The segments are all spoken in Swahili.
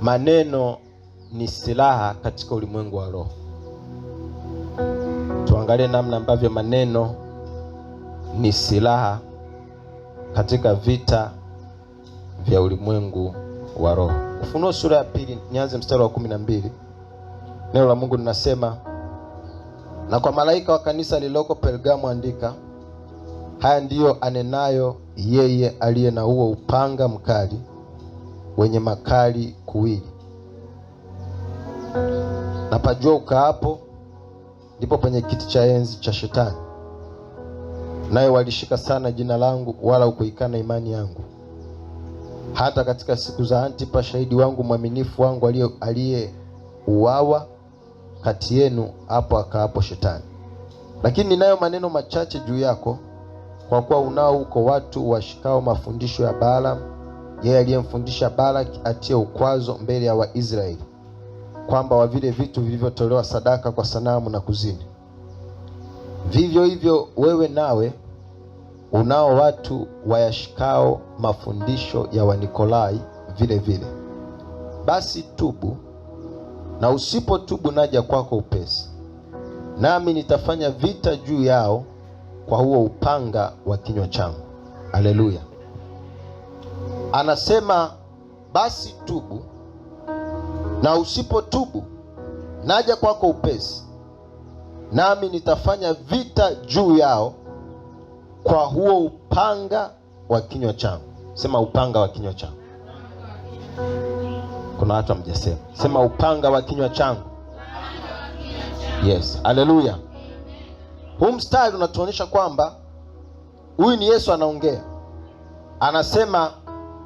Maneno ni silaha katika ulimwengu wa roho. Tuangalie namna ambavyo maneno ni silaha katika vita vya ulimwengu wa roho. Ufunuo sura ya pili, nianze mstari wa kumi na mbili. Neno la Mungu linasema, na kwa malaika wa kanisa lililoko Pergamu andika, haya ndiyo anenayo yeye aliye na huo upanga mkali wenye makali kuwili. Na pajua ukaapo, ndipo penye kiti cha enzi cha Shetani, naye walishika sana jina langu, wala ukuikana imani yangu hata katika siku za Antipa, shahidi wangu mwaminifu wangu aliyeuawa kati yenu, hapo akaapo Shetani. Lakini ninayo maneno machache juu yako, kwa kuwa unao huko watu washikao mafundisho ya Balaam yeye aliyemfundisha Balak atie ukwazo mbele ya Waisraeli kwamba wa vile vitu vilivyotolewa sadaka kwa sanamu na kuzini. Vivyo hivyo wewe nawe unao watu wayashikao mafundisho ya Wanikolai vile vile. Basi tubu, na usipotubu naja kwako upesi, nami nitafanya vita juu yao kwa huo upanga wa kinywa changu. aleluya anasema basi tubu, na usipotubu naja kwako upesi, nami nitafanya vita juu yao kwa huo upanga wa kinywa changu. Sema upanga wa kinywa changu. Kuna watu hamjasema. Sema upanga wa kinywa changu. Yes, haleluya. Huu mstari unatuonyesha kwamba huyu ni Yesu anaongea, anasema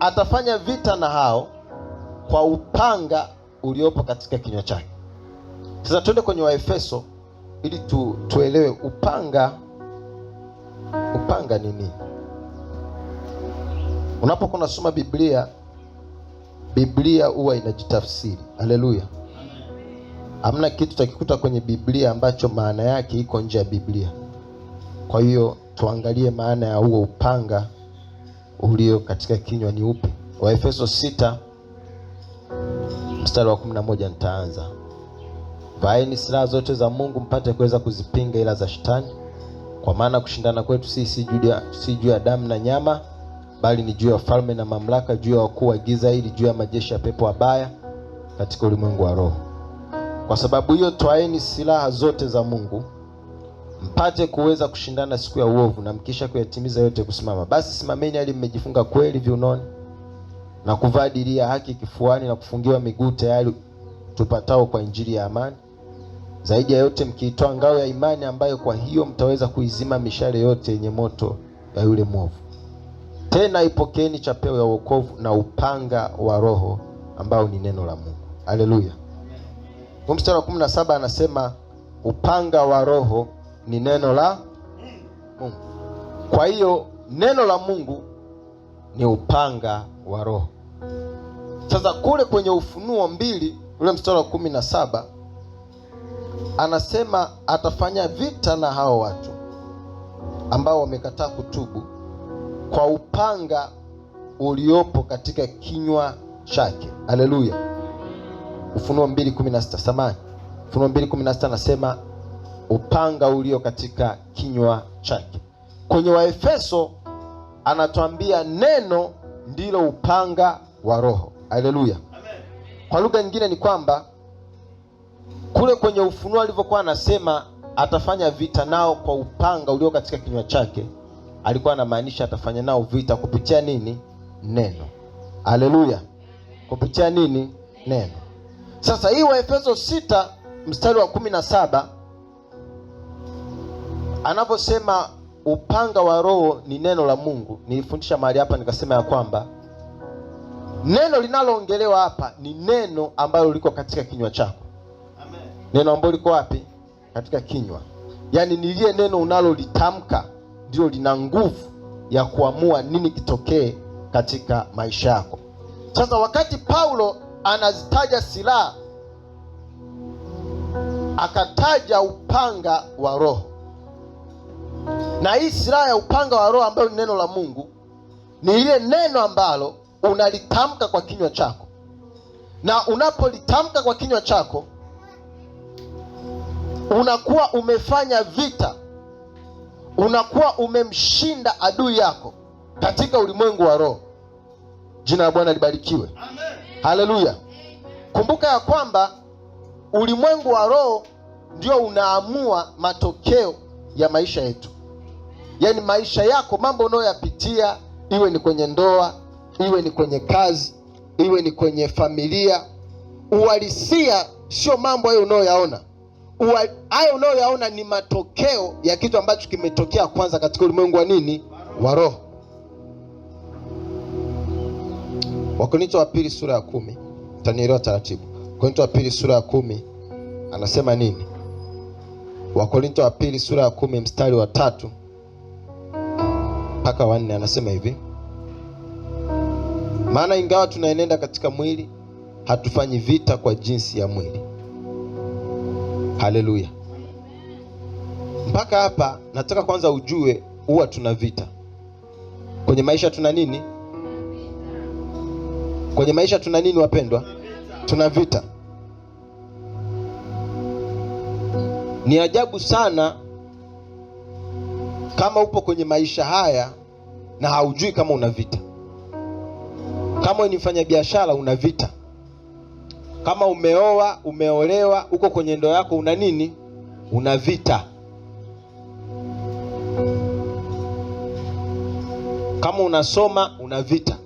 atafanya vita na hao kwa upanga uliopo katika kinywa chake. Sasa tuende kwenye Waefeso ili tu, tuelewe upanga upanga ni nini? Unapokuwa unasoma Biblia, Biblia huwa inajitafsiri. Haleluya! Hamna kitu takikuta kwenye Biblia ambacho maana yake iko nje ya Biblia. Kwa hiyo tuangalie maana ya huo upanga ulio katika kinywa ni upi? Waefeso 6 mstari wa 11, nitaanza. Vaeni silaha zote za Mungu mpate kuweza kuzipinga ila za shetani, kwa maana kushindana kwetu si juu ya damu na nyama, bali ni juu ya falme na mamlaka, juu ya wakuu wa giza hili, juu ya majeshi ya pepo wabaya katika ulimwengu wa roho. Kwa sababu hiyo, twaeni silaha zote za Mungu mpate kuweza kushindana siku ya uovu, na mkisha kuyatimiza yote kusimama. Basi simameni hali mmejifunga kweli viunoni na kuvaa diria haki kifuani na kufungiwa miguu tayari tupatao kwa injili ya amani. Zaidi ya yote mkiitoa ngao ya imani, ambayo kwa hiyo mtaweza kuizima mishale yote yenye moto ya yule mwovu. Tena ipokeeni chapeo ya wokovu na upanga wa Roho ambao ni neno la Mungu. Haleluya! Mstari wa 17 anasema upanga wa Roho ni neno la Mungu. Kwa hiyo neno la Mungu ni upanga wa Roho. Sasa kule kwenye Ufunuo mbili ule mstari wa kumi na saba anasema atafanya vita na hao watu ambao wamekataa kutubu kwa upanga uliopo katika kinywa chake. Haleluya! Ufunuo 2:16 samani, Ufunuo 2:16 anasema upanga ulio katika kinywa chake. Kwenye Waefeso anatuambia neno ndilo upanga wa Roho. Haleluya! Kwa lugha nyingine ni kwamba kule kwenye Ufunuo alivyokuwa anasema atafanya vita nao kwa upanga ulio katika kinywa chake, alikuwa anamaanisha atafanya nao vita kupitia nini? Neno. Haleluya! kupitia nini? Neno. Sasa hii Waefeso sita mstari wa kumi na saba anaposema upanga wa Roho ni neno la Mungu, nilifundisha mahali hapa nikasema ya kwamba neno linaloongelewa hapa ni neno ambalo liko katika kinywa chako. Amen. Neno ambalo liko wapi? Katika kinywa, yaani niliye neno unalolitamka ndio lina nguvu ya kuamua nini kitokee katika maisha yako. Sasa wakati Paulo anazitaja silaha akataja upanga wa Roho na hii silaha ya upanga wa Roho ambayo ni neno la Mungu ni ile neno ambalo unalitamka kwa kinywa chako, na unapolitamka kwa kinywa chako unakuwa umefanya vita, unakuwa umemshinda adui yako katika ulimwengu wa roho. Jina la Bwana libarikiwe, haleluya. Kumbuka ya kwamba ulimwengu wa roho ndio unaamua matokeo ya maisha yetu. Yaani maisha yako, mambo unayoyapitia, iwe ni kwenye ndoa, iwe ni kwenye kazi, iwe ni kwenye familia, uhalisia sio mambo hayo unayoyaona. Hayo unayoyaona ni matokeo ya kitu ambacho kimetokea kwanza katika ulimwengu wa nini, wa roho. Wakorintho wa pili sura ya kumi, utanielewa taratibu. Wakorintho wa pili sura ya kumi anasema nini? Wakorintho wa pili sura ya kumi mstari wa tatu mpaka wanne, anasema hivi: maana ingawa tunaenenda katika mwili, hatufanyi vita kwa jinsi ya mwili. Haleluya! Mpaka hapa nataka kwanza ujue, huwa tuna vita kwenye maisha. Tuna nini kwenye maisha? Tuna nini wapendwa? Tuna vita. Ni ajabu sana kama upo kwenye maisha haya na haujui kama una vita. Kama ni mfanya biashara una vita, kama umeoa, umeolewa, uko kwenye ndoa yako, una nini? Una vita. Kama unasoma una vita,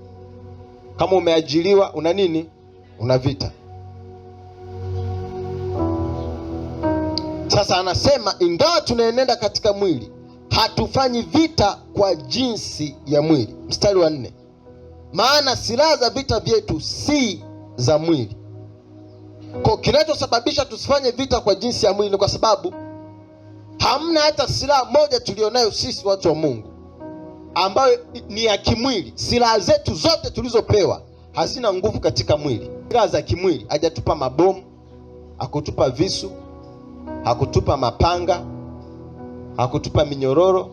kama umeajiriwa una nini? Una vita. Sasa anasema ingawa tunaenenda katika mwili hatufanyi vita kwa jinsi ya mwili. Mstari wa nne, maana silaha za vita vyetu si za mwili. Kwa kinachosababisha tusifanye vita kwa jinsi ya mwili ni kwa sababu hamna hata silaha moja tulionayo sisi watu wa Mungu ambayo ni ya kimwili. Silaha zetu zote tulizopewa hazina nguvu katika mwili, silaha za kimwili. Hajatupa mabomu, hakutupa visu, hakutupa mapanga hakutupa minyororo,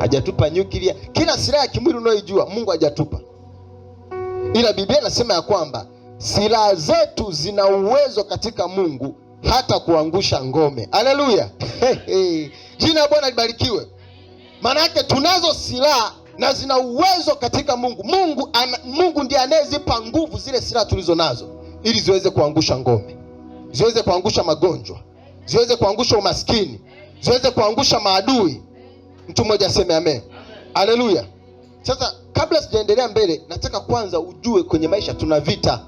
hajatupa nyuklia, kila silaha ya kimwili unayoijua Mungu hajatupa, ila Biblia inasema ya kwamba silaha zetu zina uwezo katika Mungu hata kuangusha ngome. Haleluya! jina la Bwana libarikiwe. Maana yake tunazo silaha na zina uwezo katika Mungu. Mungu, ana, Mungu ndiye anayezipa nguvu zile silaha tulizo nazo ili ziweze kuangusha ngome, ziweze kuangusha magonjwa, ziweze kuangusha umaskini, ziweze kuangusha maadui. Mtu mmoja aseme amen, haleluya. Sasa kabla sijaendelea mbele, nataka kwanza ujue kwenye maisha tuna vita,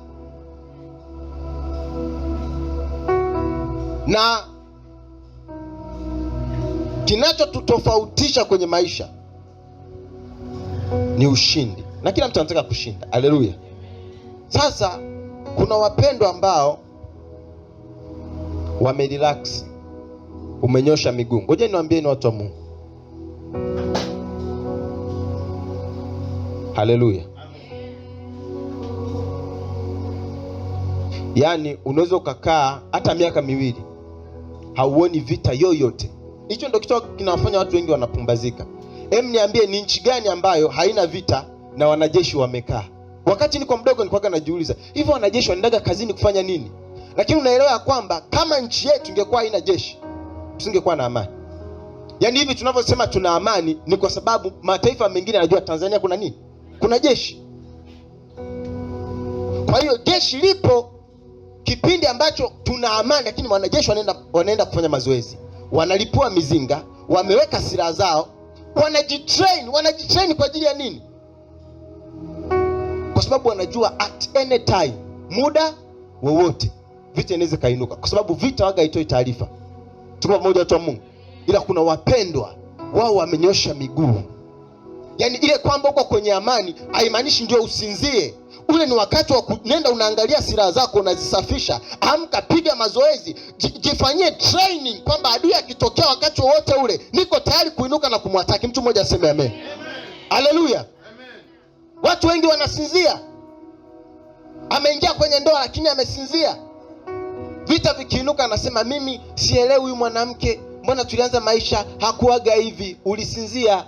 na kinachotutofautisha kwenye maisha ni ushindi, na kila mtu anataka kushinda. Haleluya. Sasa kuna wapendwa ambao wamerelax umenyosha miguu. Ngoja ni watu wa Mungu, haleluya. Yaani unaweza ukakaa hata miaka miwili hauoni vita yoyote. Hicho ndio kitu kinawafanya watu wengi wanapumbazika. Em, niambie ni nchi gani ambayo haina vita na wanajeshi wamekaa? Wakati niko mdogo nilikuwa najiuliza hivyo, wanajeshi wanaendaga kazini kufanya nini? Lakini unaelewa ya kwamba kama nchi yetu ingekuwa haina jeshi tusingekuwa na amani. Yaani hivi tunavyosema tuna amani ni kwa sababu mataifa mengine yanajua Tanzania kuna nini? Kuna jeshi. Kwa hiyo jeshi lipo kipindi ambacho tuna amani, lakini wanajeshi wanaenda wanaenda kufanya mazoezi, wanalipua mizinga, wameweka silaha zao, wanajitrain. Wanajitrain kwa ajili ya nini? Kwa sababu wanajua at any time, muda wowote vita inaweza kainuka, kwa sababu vita waga haitoi taarifa. Tuma pamoja watu wa Mungu, ila kuna wapendwa wao wamenyosha miguu. Yaani ile kwamba uko kwenye amani haimaanishi ndio usinzie. Ule ni wakati wa kunenda, unaangalia silaha zako unazisafisha. Amka, piga mazoezi, jifanyie training kwamba adui akitokea wakati wowote ule niko tayari kuinuka na kumwataki. Mtu mmoja aseme amen, haleluya. Watu wengi wanasinzia, ameingia kwenye ndoa lakini amesinzia vita vikiinuka, anasema mimi sielewi huyu mwanamke, mbona tulianza maisha hakuaga hivi, ulisinzia.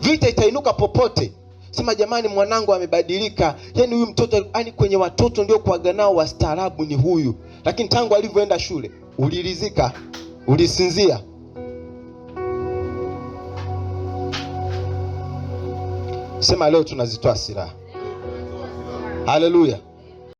Vita itainuka popote, sema jamani, mwanangu amebadilika. yani huyu mtoto, yaani kwenye watoto ndio kuaga nao wastaarabu ni huyu, lakini tangu alivyoenda shule ulirizika, ulisinzia. Sema leo tunazitoa silaha. Haleluya!